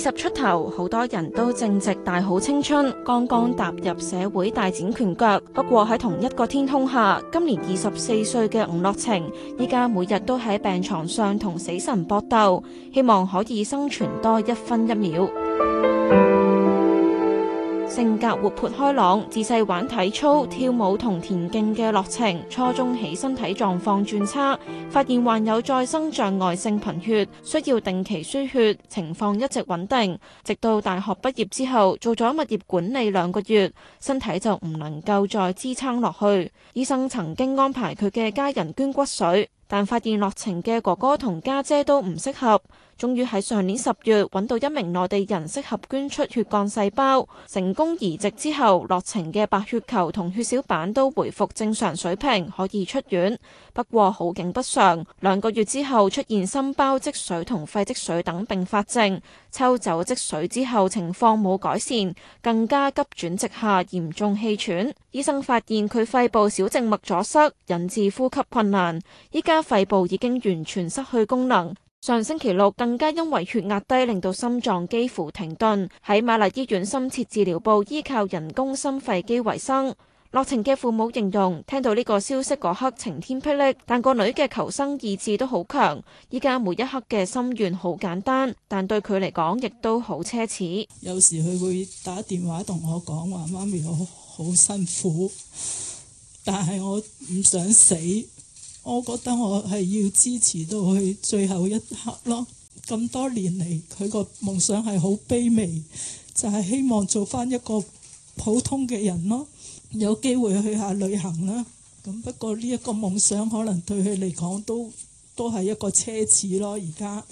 二十出頭，好多人都正值大好青春，剛剛踏入社會大展拳腳。不過喺同一個天空下，今年二十四歲嘅吳樂晴，依家每日都喺病床上同死神搏鬥，希望可以生存多一分一秒。性格活潑開朗，自細玩體操、跳舞同田徑嘅樂晴，初中起身體狀況轉差，發現患有再生障礙性貧血，需要定期輸血，情況一直穩定。直到大學畢業之後，做咗物業管理兩個月，身體就唔能夠再支撐落去。醫生曾經安排佢嘅家人捐骨髓，但發現樂晴嘅哥哥同家姐都唔適合。終於喺上年十月揾到一名內地人適合捐出血幹細胞，成功移植之後，樂晴嘅白血球同血小板都回復正常水平，可以出院。不過好景不常，兩個月之後出現心包積水同肺積水等併發症，抽走積水之後情況冇改善，更加急轉直下，嚴重氣喘。醫生發現佢肺部小靜脈阻塞，引致呼吸困難，依家肺部已經完全失去功能。上星期六更加因為血壓低，令到心臟幾乎停頓，喺瑪麗醫院深切治療部依靠人工心肺機維生。樂晴嘅父母形容聽到呢個消息嗰刻晴天霹靂，但個女嘅求生意志都好強。依家每一刻嘅心願好簡單，但對佢嚟講亦都好奢侈。有時佢會打電話同我講話，媽咪我好辛苦，但係我唔想死。我覺得我係要支持到佢最後一刻咯。咁多年嚟，佢個夢想係好卑微，就係希望做翻一個普通嘅人咯。有機會去下旅行啦。咁不過呢一個夢想可能對佢嚟講都都係一個奢侈咯。而家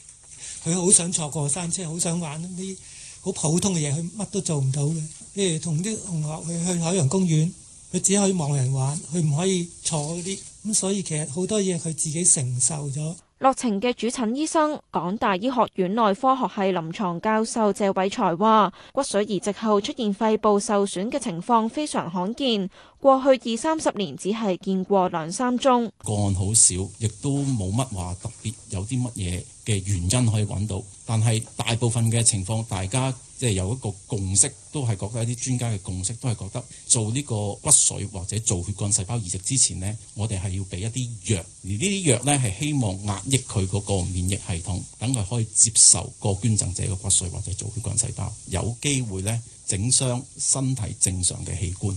佢好想坐過山車，好想玩啲好普通嘅嘢，佢乜都做唔到嘅。譬如同啲同學去去海洋公園，佢只可以望人玩，佢唔可以坐啲。咁所以其實好多嘢佢自己承受咗。樂晴嘅主診醫生、港大醫學院內科學系臨床教授謝偉才話骨髓移植後出現肺部受損嘅情況非常罕見。過去二三十年只係見過兩三宗個案，好少，亦都冇乜話特別有啲乜嘢嘅原因可以揾到。但係大部分嘅情況，大家即係有一個共識，都係覺得一啲專家嘅共識都係覺得造呢個骨髓或者造血幹細胞移植之前呢，我哋係要俾一啲藥，而呢啲藥呢，係希望壓抑佢嗰個免疫系統，等佢可以接受個捐贈者嘅骨髓或者造血幹細胞，有機會呢整傷身體正常嘅器官。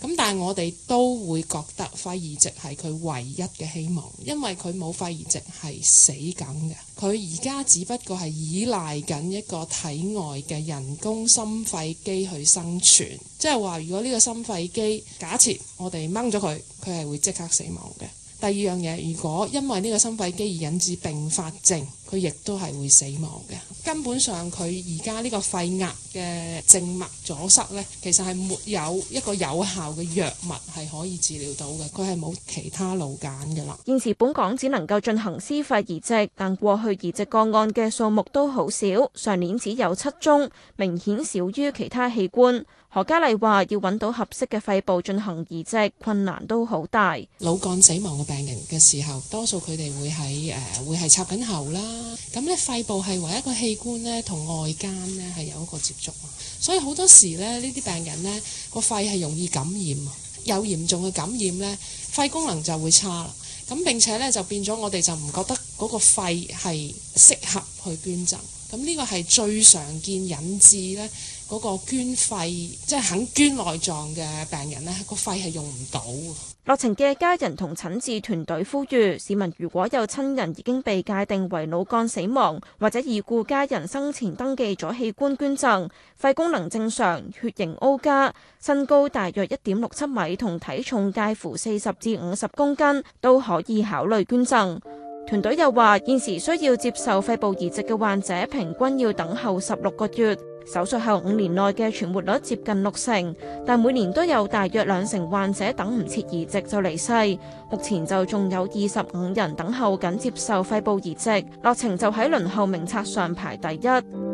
咁但係我哋都會覺得肺移植係佢唯一嘅希望，因為佢冇肺移植係死梗嘅。佢而家只不過係依賴緊一個體外嘅人工心肺機去生存，即係話如果呢個心肺機假設我哋掹咗佢，佢係會即刻死亡嘅。第二樣嘢，如果因為呢個心肺機而引致併發症，佢亦都係會死亡嘅。根本上，佢而家呢個肺癌嘅靜脈阻塞呢，其實係沒有一個有效嘅藥物係可以治療到嘅，佢係冇其他路揀㗎啦。現時本港只能夠進行屍肺移植，但過去移植個案嘅數目都好少，上年只有七宗，明顯少於其他器官。何嘉麗話：要揾到合適嘅肺部進行移植，困難都好大。腦幹死亡嘅病人嘅時候，多數佢哋會喺誒、呃，會係插緊喉啦。咁呢，肺部係唯一一個器官呢，同外間呢，係有一個接觸。所以好多時咧，呢啲病人呢個肺係容易感染啊。有嚴重嘅感染呢，肺功能就會差啦。咁並且呢，就變咗，我哋就唔覺得嗰個肺係適合去捐贈。咁呢個係最常見引致呢。嗰個捐肺即係肯捐內臟嘅病人呢個肺係用唔到。樂晴嘅家人同診治團隊呼籲市民，如果有親人已經被界定為腦幹死亡，或者已故家人生前登記咗器官捐贈，肺功能正常，血型 O 加，身高大約一點六七米，同體重介乎四十至五十公斤，都可以考慮捐贈。團隊又話，現時需要接受肺部移植嘅患者，平均要等候十六個月。手術後五年內嘅存活率接近六成，但每年都有大約兩成患者等唔切移植就離世。目前就仲有二十五人等候緊接受肺部移植，樂晴就喺輪候名冊上排第一。